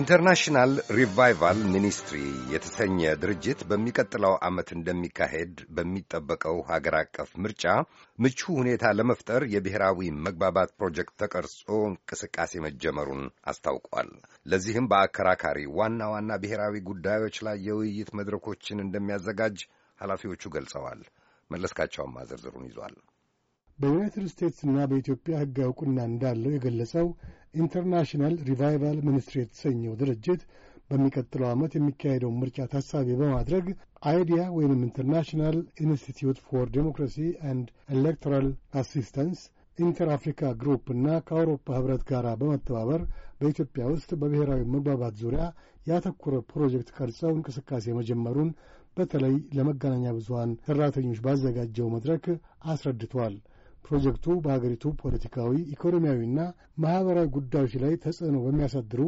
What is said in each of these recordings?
ኢንተርናሽናል ሪቫይቫል ሚኒስትሪ የተሰኘ ድርጅት በሚቀጥለው ዓመት እንደሚካሄድ በሚጠበቀው ሀገር አቀፍ ምርጫ ምቹ ሁኔታ ለመፍጠር የብሔራዊ መግባባት ፕሮጀክት ተቀርጾ እንቅስቃሴ መጀመሩን አስታውቋል። ለዚህም በአከራካሪ ዋና ዋና ብሔራዊ ጉዳዮች ላይ የውይይት መድረኮችን እንደሚያዘጋጅ ኃላፊዎቹ ገልጸዋል። መለስካቸውማ ዝርዝሩን ይዟል። በዩናይትድ ስቴትስና በኢትዮጵያ ሕጋዊ እውቁና እንዳለው የገለጸው ኢንተርናሽናል ሪቫይቫል ሚኒስትሪ የተሰኘው ድርጅት በሚቀጥለው ዓመት የሚካሄደውን ምርጫ ታሳቢ በማድረግ አይዲያ ወይም ኢንተርናሽናል ኢንስቲትዩት ፎር ዴሞክራሲ አንድ ኤሌክቶራል አሲስታንስ ኢንተር አፍሪካ ግሩፕ እና ከአውሮፓ ህብረት ጋር በመተባበር በኢትዮጵያ ውስጥ በብሔራዊ መግባባት ዙሪያ ያተኮረ ፕሮጀክት ቀርጸው እንቅስቃሴ መጀመሩን በተለይ ለመገናኛ ብዙሀን ሠራተኞች ባዘጋጀው መድረክ አስረድቷል። ፕሮጀክቱ በሀገሪቱ ፖለቲካዊ፣ ኢኮኖሚያዊና ማኅበራዊ ጉዳዮች ላይ ተጽዕኖ በሚያሳድሩ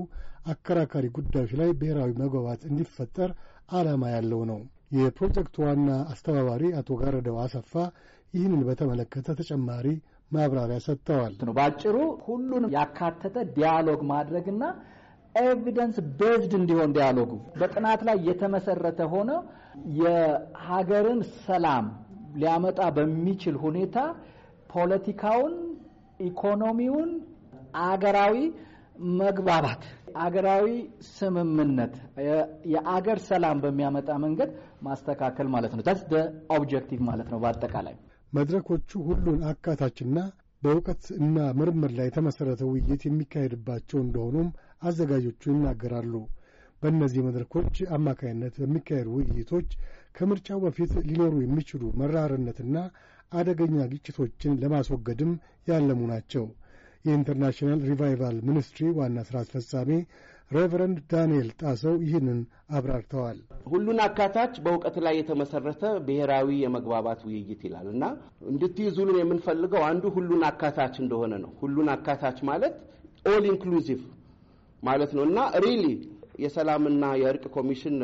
አከራካሪ ጉዳዮች ላይ ብሔራዊ መግባባት እንዲፈጠር ዓላማ ያለው ነው። የፕሮጀክቱ ዋና አስተባባሪ አቶ ጋረደው አሰፋ ይህንን በተመለከተ ተጨማሪ ማብራሪያ ሰጥተዋል። በአጭሩ ሁሉንም ያካተተ ዲያሎግ ማድረግና ኤቪደንስ ቤዝድ እንዲሆን ዲያሎጉ በጥናት ላይ የተመሰረተ ሆነ የሀገርን ሰላም ሊያመጣ በሚችል ሁኔታ ፖለቲካውን፣ ኢኮኖሚውን፣ አገራዊ መግባባት፣ አገራዊ ስምምነት፣ የአገር ሰላም በሚያመጣ መንገድ ማስተካከል ማለት ነው። ታስ ኦብጀክቲቭ ማለት ነው። በአጠቃላይ መድረኮቹ ሁሉን አካታችና በእውቀት እና ምርምር ላይ የተመሠረተ ውይይት የሚካሄድባቸው እንደሆኑም አዘጋጆቹ ይናገራሉ። በእነዚህ መድረኮች አማካይነት በሚካሄዱ ውይይቶች ከምርጫው በፊት ሊኖሩ የሚችሉ መራርነትና አደገኛ ግጭቶችን ለማስወገድም ያለሙ ናቸው። የኢንተርናሽናል ሪቫይቫል ሚኒስትሪ ዋና ሥራ አስፈጻሚ ሬቨረንድ ዳንኤል ጣሰው ይህንን አብራርተዋል። ሁሉን አካታች በእውቀት ላይ የተመሰረተ ብሔራዊ የመግባባት ውይይት ይላል እና እንድትይዙልን የምንፈልገው አንዱ ሁሉን አካታች እንደሆነ ነው። ሁሉን አካታች ማለት ኦል ኢንክሉዚቭ ማለት ነው እና ሪሊ የሰላምና የእርቅ ኮሚሽን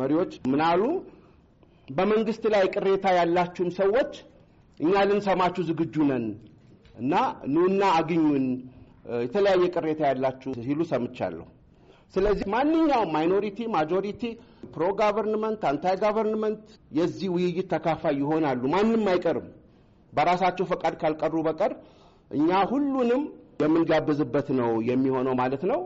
መሪዎች ምናሉ በመንግስት ላይ ቅሬታ ያላችሁም ሰዎች እኛ ልንሰማችሁ ዝግጁ ነን እና ኑና አግኙን የተለያየ ቅሬታ ያላችሁ ሲሉ ሰምቻለሁ። ስለዚህ ማንኛውም ማይኖሪቲ፣ ማጆሪቲ፣ ፕሮ ጋቨርንመንት፣ አንታይ ጋቨርንመንት የዚህ ውይይት ተካፋይ ይሆናሉ። ማንም አይቀርም። በራሳቸው ፈቃድ ካልቀሩ በቀር እኛ ሁሉንም የምንጋብዝበት ነው የሚሆነው ማለት ነው።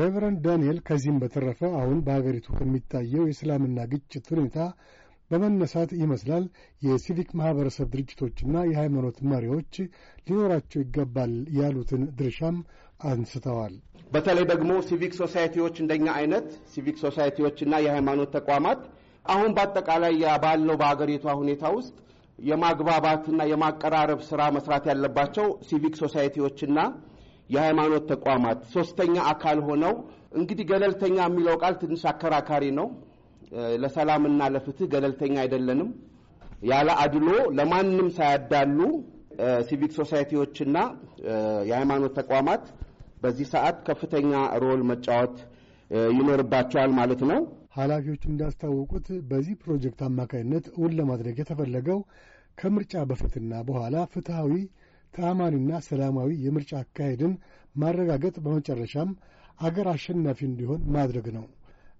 ሬቨረንድ ዳንኤል ከዚህም በተረፈ አሁን በሀገሪቱ ከሚታየው የሰላምና ግጭት ሁኔታ በመነሳት ይመስላል የሲቪክ ማኅበረሰብ ድርጅቶችና የሃይማኖት መሪዎች ሊኖራቸው ይገባል ያሉትን ድርሻም አንስተዋል። በተለይ ደግሞ ሲቪክ ሶሳይቲዎች እንደኛ አይነት ሲቪክ ሶሳይቲዎችና የሃይማኖት ተቋማት አሁን በአጠቃላይ ባለው በአገሪቷ ሁኔታ ውስጥ የማግባባትና የማቀራረብ ስራ መስራት ያለባቸው ሲቪክ ሶሳይቲዎችና የሃይማኖት ተቋማት ሶስተኛ አካል ሆነው እንግዲህ ገለልተኛ የሚለው ቃል ትንሽ አከራካሪ ነው። ለሰላምና ለፍትህ ገለልተኛ አይደለንም፣ ያለ አድሎ ለማንም ሳያዳሉ ሲቪክ ሶሳይቲዎችና የሃይማኖት ተቋማት በዚህ ሰዓት ከፍተኛ ሮል መጫወት ይኖርባቸዋል ማለት ነው። ኃላፊዎቹ እንዳስታወቁት በዚህ ፕሮጀክት አማካኝነት እውን ለማድረግ የተፈለገው ከምርጫ በፊትና በኋላ ፍትሐዊ፣ ተአማኒና ሰላማዊ የምርጫ አካሄድን ማረጋገጥ በመጨረሻም አገር አሸናፊ እንዲሆን ማድረግ ነው።